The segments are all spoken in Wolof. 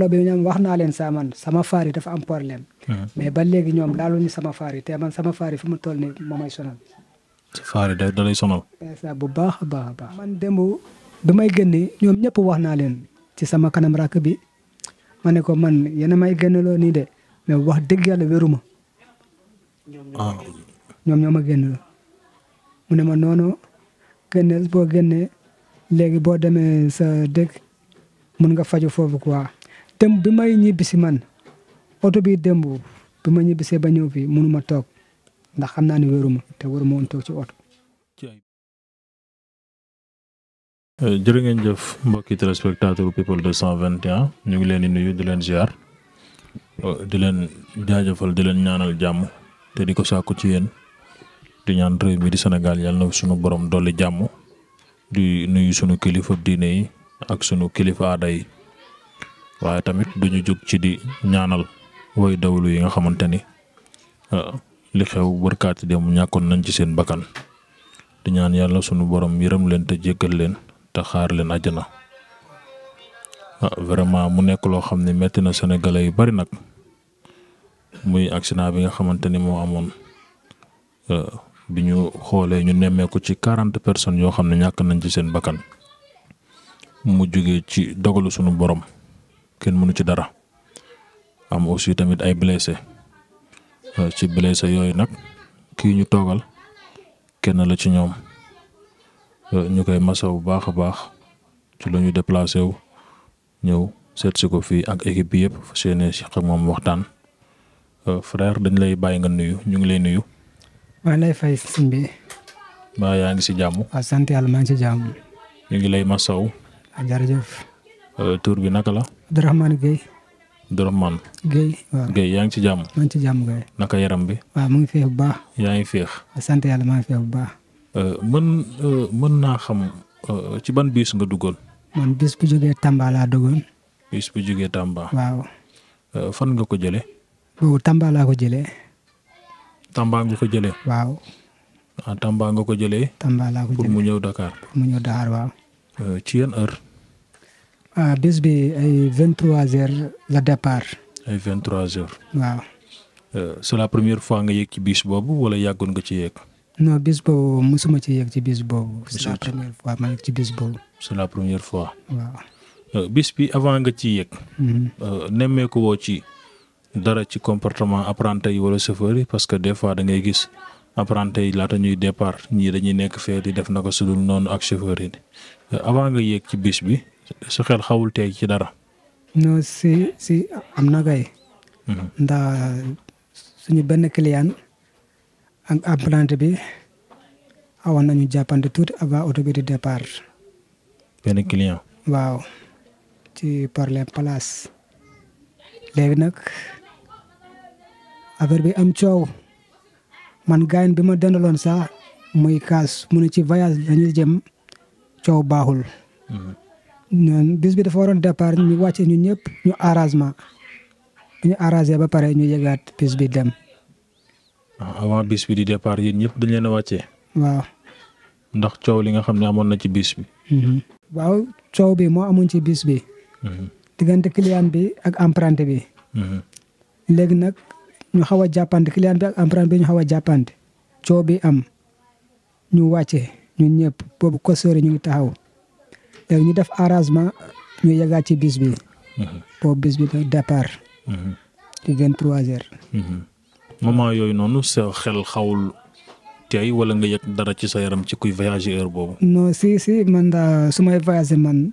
lo bi ñoom wax naa leen saa man sama faar dafa am problème hmm. mais ba léegi ñoom laaluñu sama faar te man sama faar yi fi toll ni moo may sonal sa faar yi eh, bu baax a baax a baax man démb bi may génne ñoom ñëpp wax naa leen ci sama kanam rakk bi ma ne ko man yéen may génneloo nii de mais wax dëgg yàlla wéruma ah. ñoom ñoo ma génneloo mu ne ma noonu génneel boo génnee léegi boo demee sa dëkk mun nga faju foofu quoi dem bi may ñibbisi man oto bi démb bi ma ñibbisee ba ñëw fii mënuma toog ndax xam naa ni wéruma te waruma woon toog ci oto. Euh, jërë ngeen jëf mbokki téléspectateur people 221 ñu ngi leen di nuyu di leen ger euh, di leen jaajëfal di leen ñaanal jàmm te di ko sàkku ci yéen di ñaan réew mi di Sénégal yàlla na sunu borom dolli jàmm di nuyu sunu kilifa diine yi ak sunu kilifa aada yi. waaye tamit duñu jóg ci di ñaanal woy dawlu yi nga xamante ni euh, li xew bërkaati mu ñàkkoon nañ ci seen bakkan di ñaan yàlla sunu borom yërëm leen te jéggal leen te xaar leen na ah, vraiment mu nekk loo xam ne metti na sénégalais yu bari nag muy accident bi nga xamante ni moo amoon euh, bi ñu xoolee ñu nemmeeku ci quarante personnes yoo xam ne ñàkk nañ ci seen bakkan mu jógee ci dogalu sunu borom. kenn mënu ci dara am aussi tamit ay blessé euh, ci blessé yooyu nag ki ñu toogal kenn la ci ñoom euh, ñu koy masa bu baax a baax ci la ñu déplacé wu ñëw seet ko fii ak équipe bi yëpp fas yéene si xam moom waxtaan euh, frère dañ lay bàyyi nga nuyu ñu ngi lay nuyu. maa lay fay sëñ bi. yaa ngi si jàmm. a sant yàlla maa ngi si jàmm. ñu ngi lay masaw. jërëjëf. Euh, tuur bi naka la. Abdourahmane Guèye. Abdourahmane. Guèye waaw yaa ngi ci jàmm. maa ci jàmm Guèye. naka yaram bi. waaw mu ngi féex bu baax. yaa ngi féex. sant yàlla maa ngi féex bu baax. Euh, mën euh, mën naa xam ci ban bis nga duggoon. man bis bu jógee Tamba laa duggoon. bis bu jógee Tamba. waaw. fan nga ko jële boobu Tamba laa ko jëlee. Tamba nga ko jële waaw. ah Tamba nga ko jëlee. Tamba laa ko jëlee pour mu ñëw Dakar. pour mu ñëw Dakar waaw. ci yan heure. ah bés bi ay vingt trois heures la départ. ay vingt trois heures. waaw. Euh, c'est la première fois nga yéeg ci biis boobu wala yàggoon nga ci yéeg. non bis boobu mosuma ci yéeg ci biis boobu. c'est la première fois ma ci bis boobu. la première fois. bis bi avant nga ci yéeg. Mm-hmm. Euh, nemmeeku woo ci dara ci comportement apprenti yi wala chauffeur yi parce que des fois da ngay gis. apprenti yi laata ñuy départ ñii dañuy nekk fee yi def na ko sudul noonu ak chauffeur yi euh, avant nga yéeg ci biis bi sa xel xawul tey ci dara. non si si am na kay. Mhm. ndax suñu benn client ak apprenti bi awoon nañu jàppante tuuti avant oto bi di départ. benn client. waaw ci parler palaas léegi nag affaire bi am coow man gaayen bi ma dendaloon sax muy kaas mu ne ci voyage lañuy jëm coow baaxul. Mhm. bis bi dafa waroon départ ñu wàcce ñun ñëpp ñu arrangement ñu arrangé ba pare ñu yëgaat bis bi dem. Ah, avant bis bi di départ yéen ñëpp dañ leen a wàccee. waaw. ndax coow li nga xam ne amoon na ci bis bi. Mhm. waaw coow bi moo amoon ci bis bi. Mhm. diggante client bi ak emprunté bi. Mhm. léegi nag ñu xaw a jàppante client bi ak emprunté bi ñu xaw a jàppante. coow bi am ñu wàcce ñu ñëpp boobu ko ñu ngi taxaw. léegi ñu def arrangement ñu yeggaat ci bis bi. Mhm. boobu bis bi la départ. Mhm. ci trois heures. Mhm. moment yooyu noonu sa xel xawul tey wala nga yëg dara ci sa yaram ci kuy voyager heure boobu. non si si man daa sumay may man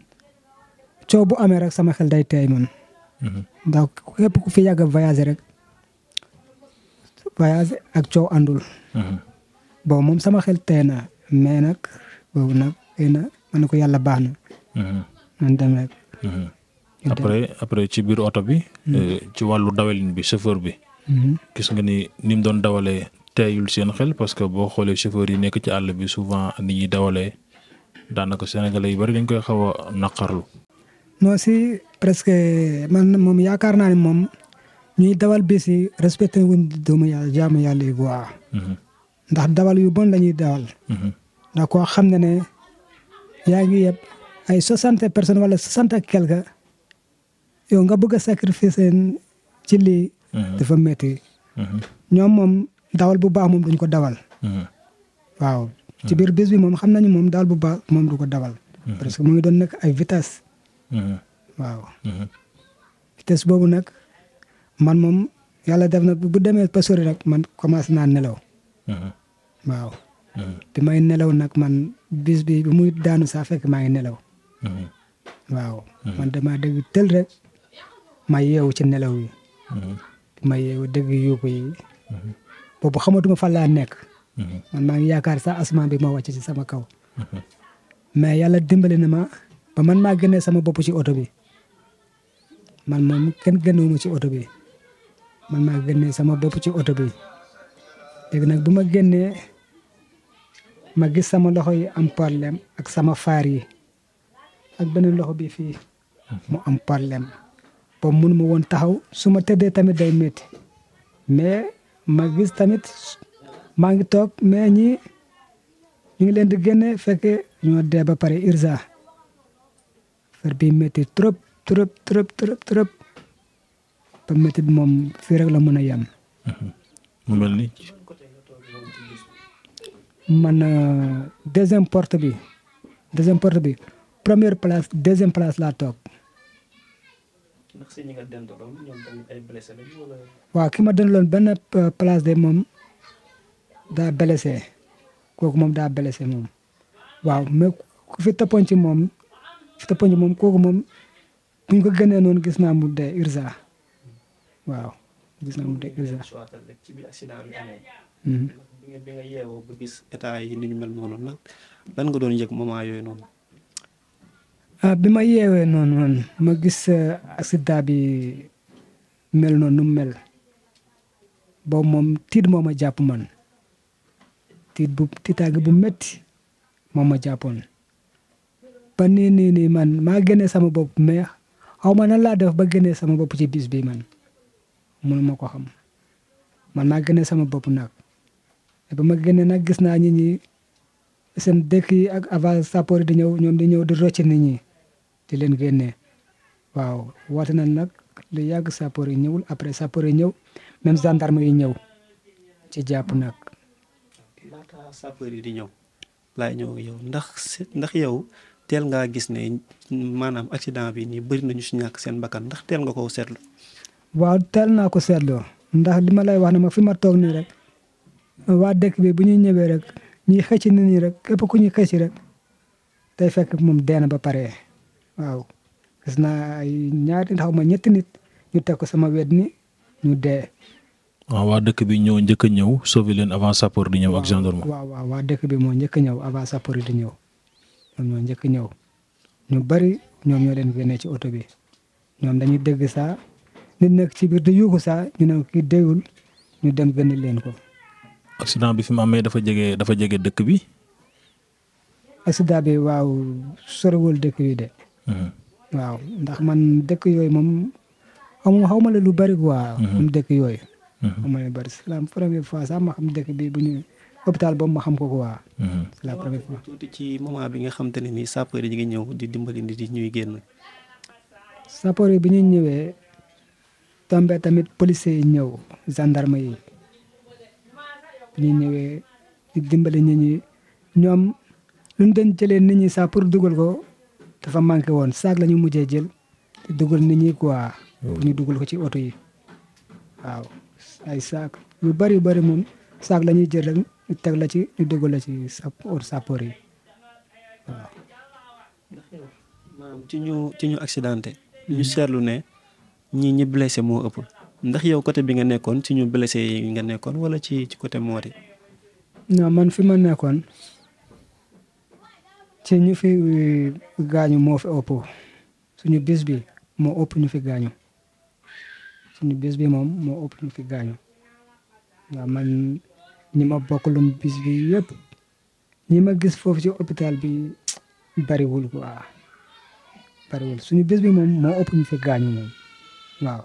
coow bu amee rek sama xel day teey man. ndax ku fi yàgg voyager rek voyager ak coow àndul. boobu moom sama xel tey na mais nag boobu nag xëy na ma ne ko yàlla baax na. Mm-hmm. noonu mm-hmm. demee après après ci biir oto bi. Mm-hmm. Euh, ci wàllu dawalin bi chauffeur bi. gis nga ni ni mu doon dawalee teeyul seen xel parce que boo xoolee chauffeur yi nekk ci àll bi souvent ni ñuy dawalee daanaka sénégalais yu bari dañ koy xaw a naqarlu. non si presque man moom yaakaar naa ne moom ñuy dawal bis yi respecté wuñ doomu yàlla jaamu ndax dawal yu bon la ñuy dawal. ndax koo xam ne ne yaa ngi yëpp. ay soixante personnes wala soixante ak quelque yow nga bëgg a sacrifice ci lii. Mhm. dafa métti. Mhm. ñoom moom dawal bu baax moom duñ ko dawal. Mhm. waaw ci biir bés bi moom xam nañu moom dawal bu baax moom du ko dawal. parce que mu ngi doon nekk ay vitesse. waaw. vitesse boobu nag man moom yàlla def na bu demee ba sori rek man commencé naa nelaw. waaw. bi may nelaw nag man bis bi bi muy daanu saa fekk maa ngi nelaw. waaw hmm. man dama dëgg tël rek ma yeewu ci nelaw yi hmm. ma yeewu dëgg yuuxu yi hmm. boobu xamatuma fan laa nekk man maa ngi yaakaar sax asamaan bi ma wàcc ci sama kaw mais yàlla dimbali na ma ba man maa génnee sama bopp ci oto bi man moom kenn génnewuma ci oto bi man maa génnee sama bopp ci oto bi léegi nag bu ma génnee ma gis sama loxo yi am problème ak sama faar yi ak beneen loxo bi fii mu am problème boobu mun ma woon taxaw su ma tëddee tamit day métti mais ma gis tamit maa ngi toog mais ñi ñu ngi leen di génne fekke ñoo dee ba pare irsa fer bi métti trop trop trop trop trop ba métti bi moom fii rek la mën a yem mu mel ni euh, deuxième porte bi deuxième porte bi première place deuxième place laa toog. ndax si ñi nga dendaloon ñoom waaw ki ma dendaloon benn euh, place de moom daa blessé kooku moom daa blessé moom waaw mais ku fi toppoon ci moom fi toppoon ci moom kooku moom bu ñu ko gënee noonu gis naa mu dee ursa waaw gis naa mu dee ursa. ci biir accident bi amee. Mhm. bi nga ba gis état yi ni ñu mel noonu lan nga doon yëg moment yooyu noonu. Ah, bi ma yeewee noonu ma gis ah, accident bi mel noonu nu mel boobu moom tiit moo a jàpp man tiit bu tiitaange bu metti moom ma jàppoon ba nii nii nii man maa génnee sama bopp mais xaw ma na laa def ba génnee sama bopp ci biis bi man mënu ko xam man maa génnee sama bopp nag ba ma génnee nag gis naa nit ñi seen dëkk yi ak avant sapeurs di ñëw ñoom di ñëw di rocc nit ñi di leen génne waaw woote na nag lu yàgg sapeur yi ñëwul après sapeur yi ñëw même gendarme yi ñëw ci jàpp nag. laata sapeur yi di ñëw laay ñëw yow ndax ndax yow teel ngaa gis ne maanaam accident bi nii bëri nañu si ñàkk seen bakkan ndax teel nga koo seetlu. waaw teel naa ko seetloo ndax li ma lay wax na ma fi ma toog nii rek waa dëkk bi bu ñuy ñëwee rek ñuy xëcc nit ñi rek képp ku ñuy xëcc rek day fekk moom dee na ba pare. waaw gis naa ay ñaari xaw ma ñetti nit ñu teg ko sama wet ni ñu dee. waaw waa dëkk bi ñoo njëkk a ñëw sauver leen avant sapor di ñëw ak gendarme. waaw waaw waa dëkk bi moo njëkk a ñëw avant sapeur di ñëw ñoom ñoo njëkk ñëw ñu bari ñoom ñoo leen génnee ci oto bi ñoom dañuy dégg saa nit nekk ci biir di yuuxu saa ñu ne kii déyul ñu dem gënni leen ko. accident bi fi ma amee dafa jege dafa jege dëkk bi. accident bi waaw sorewul dëkk bi de. waaw ndax man dëkk yooyu moom xamu xaw ma la lu bari quoi. comme dëkk yooyu. xaw ma la lu bari c'est la première fois sax ma xam dëkk bi bu ñu hôpital boobu ma xam ko quoi. Mhm. c'est la première fois tuuti ci moment bi nga xam te ne nii sapeur yi ñu ngi ñëw di dimbali nit yi ñuy génn. sapeur bi ñuy ñëwee tombé tamit policiers yi ñëw gendarme yi bi ñuy ñëwee di dimbali nit ñi ñoom lu ñu doon jëlee nit ñi sax pour ko. dafa manqué woon saak la ñu mujjee jël di dugal nit ñi quoi. pour oh. ñu dugal ko ci oto yi waaw ay saak yu bari yu bari moom saak lañuy ñuy jël rek ñu teg la ci ñu dugal la ci sa yi ci ñu ci ñu accidenté. ñu seetlu ne ñi ñi blessé moo ëpp. ndax yow côté bi nga nekkoon ci ñu blessé yi nga nekkoon wala ci ci côté moori. non man fi ma nekkoon ci ñu fi euh, gaañu moo fi ëpp suñu bis bi moo ëpp ñu fi gaañu suñu bis bi moom moo ëpp ñu fi gaañu waaw man ñi bis bi yëpp ñi ma gis foofu ci hôpital bi bariwul quoi bariwul suñu bis bi moom moo ëpp ñu fi gaañu moom waaw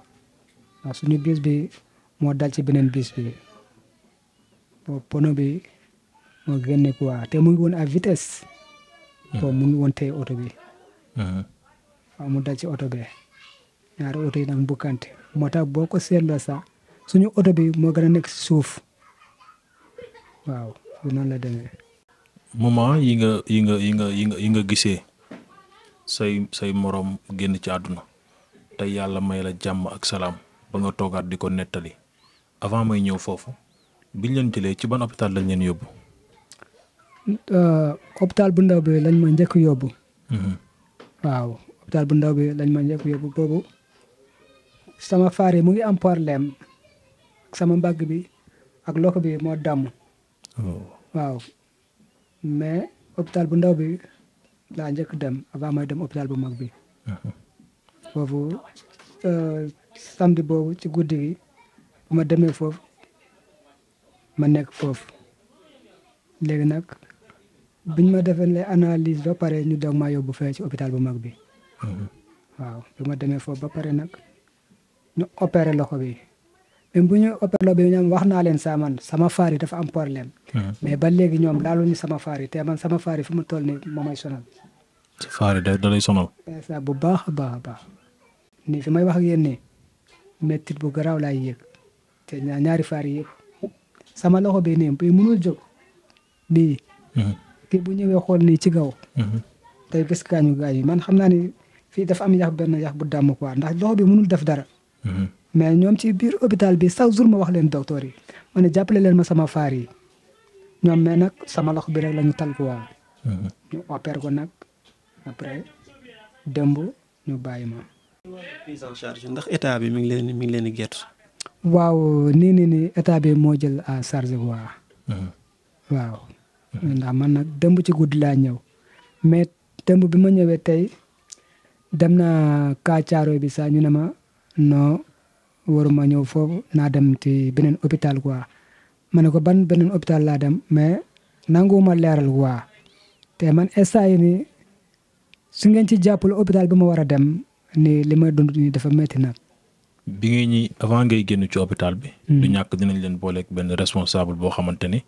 waaw suñu bis bi moo dal ci beneen bis bi pono bi moo génne quoi te mu ngi woon à vitesse boobu mënu woon tey oto bi uh-huh. mu dal ci oto bee ñaari oto yi nag bukkante moo tax boo ko seetloo sax suñu oto bi moo gën a nekk si suuf waaw noonu la demee moment yi nga yi nga yi nga yi nga yi nga gisee say say moroom génn ci àdduna te yàlla may la jàmm ak salaam ba nga toogaat di ko nettali avant may ñëw foofu biñ leen jëlee ci ban hôpital lañ leen yóbbu Euh, hôpital bu ndaw bi lañ njëkk yóbbu. Mhm. waaw bu ndaw bi lañ ma njëkk yóbbu boobu sama faar mu ngi am problème sama mbagg bi ak loxo bi moo damm. Oh. waaw mais hôpital bu ndaw bi laa njëkk dem avant may dem hôpital bu mag bi. Mhm. foofu euh, samedi boobu ci guddi gi ma demee foofu ma nekk foofu léegi biñ ma defalee analyse ba pare ñu doog maa yóbbu fee ci hôpital bu mag bi. Mm-hmm. waaw bi ma demee foofu ba pare nag ñu opéré loxo bi même bu ñu opéré loxo bi ñoom wax naa leen saa man sama faari yi dafa am problème. Mm-hmm. mais ba léegi ñoom ñu sama faari yi te man sama faar fu fi mu toll ni moom mooy sonal. sa faar yi da da lay sonal. bu baax a baax a baax nii fi may wax ak yéen nii méttit bu garaaw laay yëg te ñaari faar yi yëpp sama loxo bi nii bi mënul jóg nii. Mm-hmm. kii bu ñëwee xool nii ci gaw mhm. tey bés gaañu gaañu man xam naa ni fii dafa am yax benn yax bu dàmm quoi ndax loxo bi mënul def dara mhm. mais ñoom ci biir hôpital bi chaque jour ma wax leen docteur yi ma ne jàppale leen ma sama faar yi ñoom mais nag sama loxo bi rek la ñu tal quoi mhm. ñu opère ko nag après démb ñu bàyyi ma prise en ndax état bi mi ngi leen mi ngi leen di gert waaw nii nii nii bi moo jël à charge quoi waaw ndax man nag dëmb ci guddi laa ñëw mais dëmb bi ma ñëwee tey dem na kaacaaro bi sax ñu ne ma non waruma ñëw foofu naa dem ci beneen hôpital quoi ma ne ko ban beneen hôpital laa dem mais nanguwuma leeral quoi te man instant yii nii su ngeen ci jàppale hopital bi ma war a dem ni li may dund nii dafa métti nag. bi ngay ñi avant ngay génn ci hôpital bi. Hmm. du ñàkk dinañ leen booleek benn responsable boo xamante ni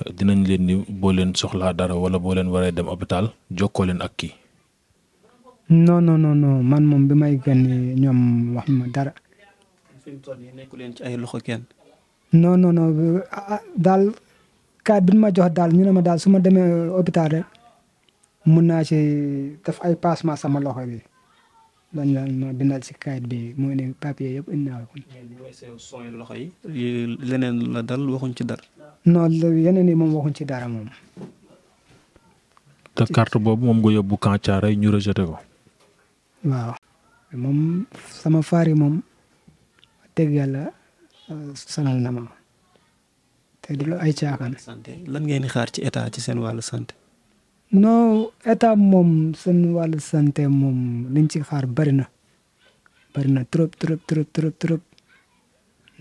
euh, dinañ leen ni boo leen soxlaa dara wala boo leen waree dem hôpital jokkoo leen ak kii. non non non man moom bi may génn ñoom wax ma dara. fi mu toll leen ci ay loxo kenn. non non ah, daal cas bi ma jox daal ñu ne ma daal su ma demee hôpital rek mun naa ci def ay passement sama loxo bi. lan la ma bindal si kayit bi moo ne papier yëpp indi naa ko. loxo yi. leneen la dal waxuñ ci dara. non yeneen yi moom waxuñ ci dara moom. te carte boobu moom nga yóbbu Kàncaar ñu rejeté ko. waaw. moom sama faar yi moom teg yàlla euh, sanal na ma te du la ay caaxaan. lan ngeen di xaar ci état ci seen wàllu santé. non état moom seen wàllu sante moom liñ ci xaar bëri na bëri na trop trop trop trop trop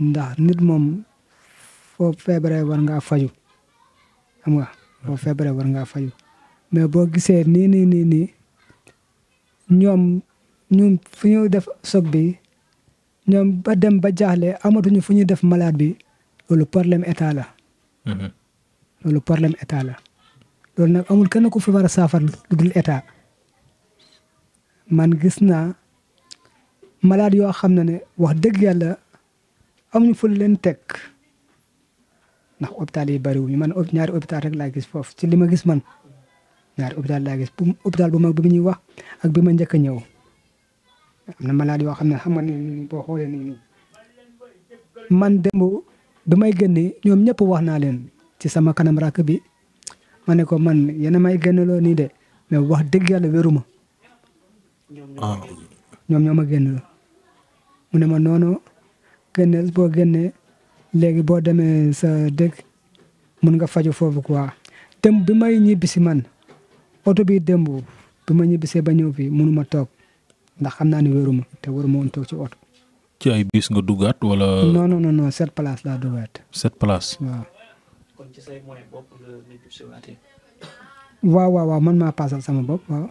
ndax nit moom foo feebaree war ngaa faju xam nga foo war ngaa faju mais boo gisee nii nii nii nii ñoom ñun fu ñu def soog bi ñoom ba dem ba jaaxle amatuñu fu ñuy def malade bi loolu problème état la. Mm-hmm. loolu problème état la. loolu nag amul kenn ku fi war a saafara lu dul état man gis naa malade yoo xam ne ne wax dëgg yàlla amuñu fu leen teg ndax bariwu yi bariwuñu man ñaari hôpital rek laa gis foofu ci li ma gis man ñaari hôpital laa gis bu hôpital bu mag bi ñuy wax ak bi ma njëkk a ñëw am na malade yoo xam ne xam nga ni boo xoolee nii man démb bi may génne ñoom ñëpp wax naa leen ci sama kanam rakk bi. ma ne ko man yéen a may génneloo nii de mais wax dëgg yàlla wéruma ah. ñoom ñoo ma génneloo mu ne ma noonu génneel boo génnee léegi boo demee sa dëkk mun nga faju foofu quoi dem bi may ñibbisi man oto bi démb bi ma ñibbisee ba ñëw fii munuma toog ndax xam naa ni wéruma te wéruma woon toog ci oto. ci ay bis nga duggaat wala. non non non sept places laa duggaat. sept places waaw. kon ci say moyen waaw waaw waaw man maa paasal sama bopp waaw.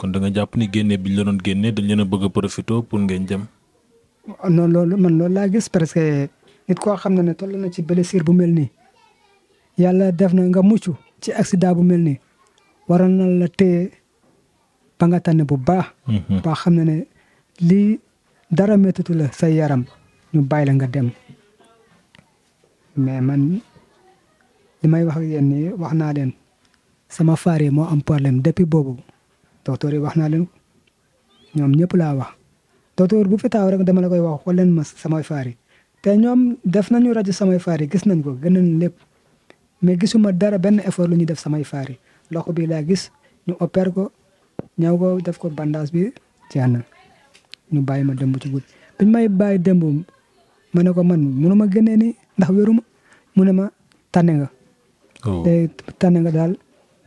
kon da jàpp ni génne bi ñu la doon génne dañ leen a bëgg a profité pour ngeen jëm. non loolu man loolu laa gis parce nit koo xam ne ne toll na ci blessure bu mel nii yàlla def na nga mucc ci accident bu mel nii waroon na la téye ba nga tànn bu baax. Mhm. ba xam ne ne lii dara méttitu la say yaram ñu bàyyi la nga dem mais man. li may wax ak yéen nii wax naa leen sama faar yi moo am problème depuis boobu docteur yi wax naa leen ñoom ñëpp la wax. docteur bu fi taaw dama la koy wax xool ma samay faar yi te ñoom def nañu rajo samay faar yi gis nañ ko gën nañ lépp mais gisuma dara benn effort lu ñu def samay faar yi loxo laa gis ñu opère ko ñaw ko def ko bandage bi ci ànd ñu bàyyi ma démb ci guddi may bàyyi démb ma ne ko man mënuma génnee nii ndax wéruma mu ne ma tànne nga day oh. tànn nga daal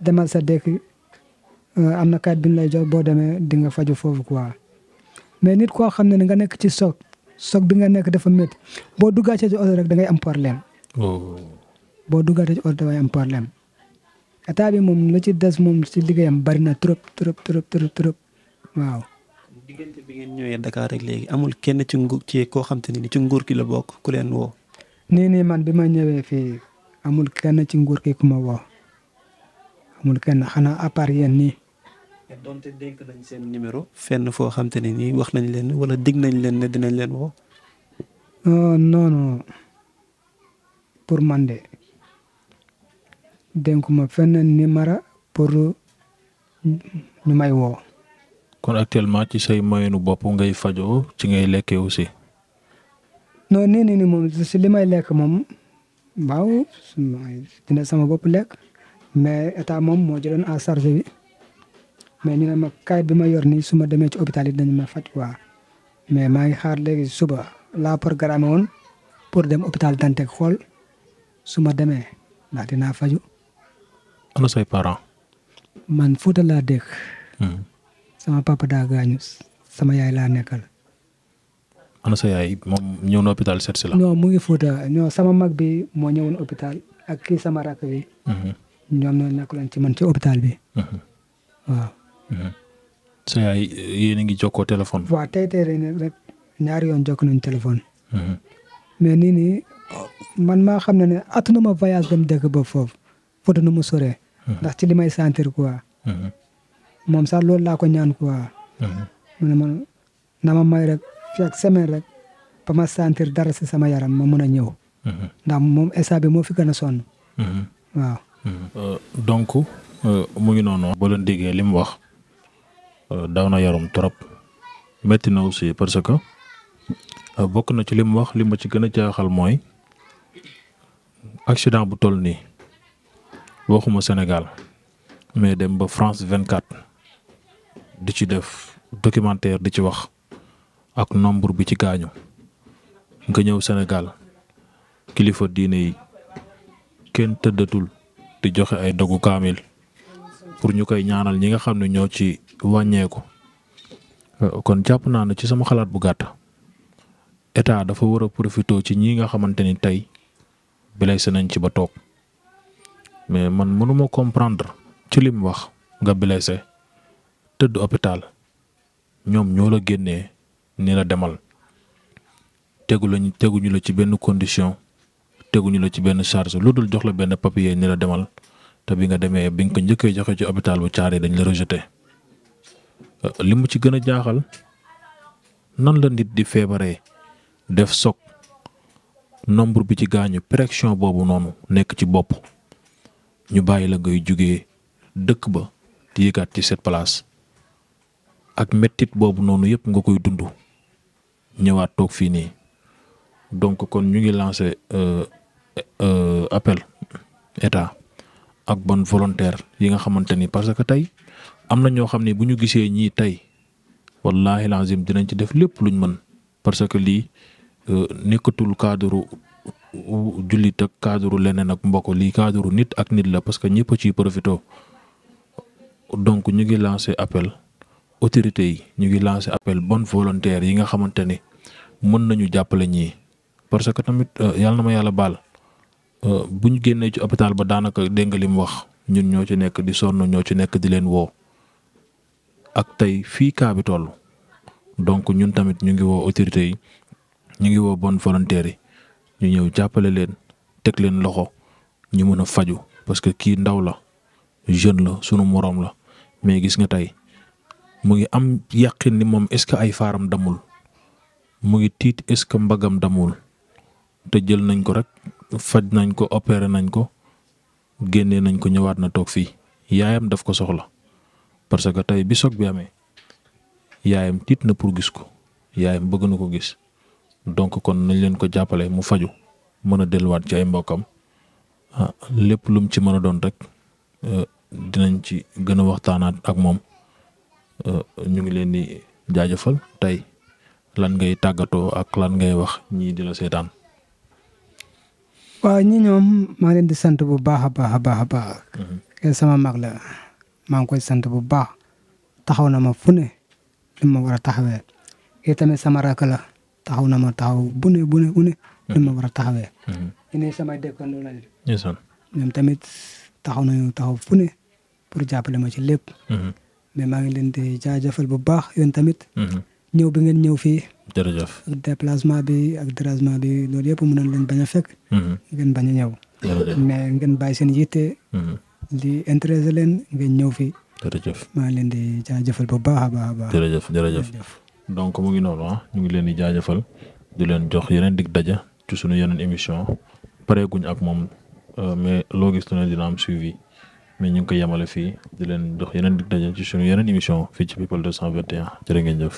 demal sa dëkk euh, am na kayit bi lay jox boo demee di nga faju foofu quoi mais nit koo xam ne nga nekk ci soog soog bi nga nekk dafa métti boo duggaatee ci oto rek da ngay am problème. Oh. boo duggaatee ci oto da ngay am problème état bi moom la ci des moom ci liggéeyam bari na trop trop trop trop trop waaw. diggante bi ngeen ñëwee Dakar léegi amul kenn ci nguur ci koo xam te ni ci nguur ki la bokk ku leen woo. nii nii man bi ma ñëwee fii amul kenn ci nguur gi ku ma woo amul kenn xanaa à part nii. donte dénk nañ seen numéro fenn foo xam ne nii wax nañ leen wala digg nañ leen ne dinañ leen woo. Euh, noonu pour man de dénkuma fenn mara pour ñu may woo. kon actuellement ci say moyenu bopp ngay fajoo ci ngay lekkee aussi. non nii nii nii moom si li may lekk moom. waaw dina sama bopp lek mais état moom moo jëloon à charge bi mais ñu ne ma kayit bi ma yor nii su ma demee ci hôpital yi ma faj waa mais maa ngi xaar léegi suba laa programme woon pour dem hôpital Dantec xool su ma demee ndax dinaa faju ana say man Fuuta laa dëkk. Hmm. sama papa daa gaañu sama yaay laa nekkal. ana sa yaay moom ñëw na hôpital seet la. non mu ngi Fouta ñoo sama mag bi moo ñëwoon hôpital ak kii sama rakk bi. Mhm. ñoom ñoo nekkoon ci man ci hôpital bi. Mhm. waaw. Mhm. sa yaay yéen a ngi jokkoo téléphone. waaw tey tey rek ñaari yoon jokk nañ téléphone. mais nii nii man maa xam ne ne atuna ma voyage dem dëkk ba foofu Fouta nu mu soree. ndax ci li may sentir quoi. moom sax loolu laa ko ñaan quoi. mu na ma may rek. fii ak semaine rek ba ma sentir dara si sama yaram ma mun a ñëw. ndax moom instant bi moo fi gën a sonn. waaw. Euh, donc euh, mu ngi noonu. boo leen déggee li mu wax euh, daw na yaram trop metti na aussi parce que bokk na ci li mu wax li ci gën a jaaxal mooy accident bu toll nii waxuma Sénégal mais dem ba France vingt quatre di ci def documentaire di ci wax. ak nombre bi ci gaañu nga ñëw senegal kilifa diine yi kenn tëddatul di joxe ay dogu kaamil pour ñu koy ñaanal ñi nga xam ne ñoo ci wàññeeku euh, kon jàpp naa ne ci sama xalaat bu gàtt état dafa war a profité ci ñi nga xamante ni tey blessé nañ ci ba toog mais man mënuma comprendre ci lim wax nga blessé tëdd hôpital ñoom ñoo la génnee. ni la demal tegu lañu teguñu la ci benn condition teguñu la ci benn charge lu dul jox la benn papier ni la demal te bi nga demee bi nga ko njëkkee joxe ci hôpital bu caari dañ la rejeté euh, li mu ci gën a jaaxal nan la nit di feebaree def soog nombre bi ci gaañu pression boobu noonu nekk ci bopp ñu bàyyi la ngay jógee dëkk ba di ci cette place ak mettit boobu noonu yëpp nga koy dund. ñëwaat toog fii nii donc kon ñu ngi lancé euh, euh, appel état ak bonne volontaire yi nga xamante ni parce que tey am na ñoo xam ne bu ñu gisee ñii tey wallaahi lazim dinañ ci def lépp luñ mën parce que lii euh, nekkatul cadre jullit ak leneen ak mbokk lii cadre nit ak nit la parce que ñëpp a ciy profité donc ñu ngi lancé appel autorités yi ñu ngi lancé appel bonne volontaire yi nga xamante ni. mën nañu jàppale ñii parce que tamit euh, yàlla na ma yàlla baal euh, bu ñu génnee ci hôpital ba daanaka dégg nga li mu wax ñun ñoo ci nekk di sonn ñoo ci nekk di leen woo ak tey fii kaa bi toll donc ñun tamit ñu ngi woo autorités yi ñu ngi woo bon volontaire yi ñu ñëw jàppale leen teg leen loxo ñu mën a faju parce que kii ndaw la jeune la sunu moroom la mais gis nga tey mu ngi am yàqin ni moom est-ce que ay faaram damul mu ngi tiit est-ce que mbagam damul te jël nañ ko rek faj nañ ko opéré nañ ko génne nañ ko ñëwaat na toog fii yaayam daf ko soxla parce que tey bi soog bi amee yaayam tiit na pour gis ko yaayam bëgg na ko gis donc kon nañ leen ko jàppale mu faju mën a delluwaat ci ay mbokkam ah lépp lum ci mën a doon rek euh, dinañ ci gën a waxtaanaat ak moom euh, ñu ngi leen di jaajëfal tey lan ngay tàggatoo ak lan ngay wax ñii di la seetaan. waaw ñi ñoom maa leen di sant bu baax a baax a baax mhm. sama mag la maa ngi koy sant bu baax taxaw na ma fune ne ma war a taxawee sama rakk la taxaw na ma taxaw bu ne bu ne bu ne li ma mhm. war a taxawee. Mhm. ñu samay dëkkandoo tamit taxaw nañu taxaw fu ne pour jàppale ma ci lépp. mais leen di jaajëfal bu baax yéen tamit. ñëw bi ngeen ñëw fii. jërëjëf ak bi ak dérangement bi loolu yëpp mënoon leen bañ a fekk. Mm-hmm. ngeen bañ ñëw. mais ngeen bàyyi seen yitte. Mm-hmm. li intéressé leen ngeen ñëw fii. jërëjëf maa ngi leen di jaajëfal bu baax a baax a baax. jërëjëf jërëjëf donc mu ngi noonu ah ñu ngi leen di jaajëfal di leen jox yeneen dig daja ci suñu yeneen émission pareeguñ ak moom euh, mais loo gis ne dina am suivi mais fii di leen jox yeneen dig daja ci suñu yeneen émission fii ci people 221 jërë ngeen jëf.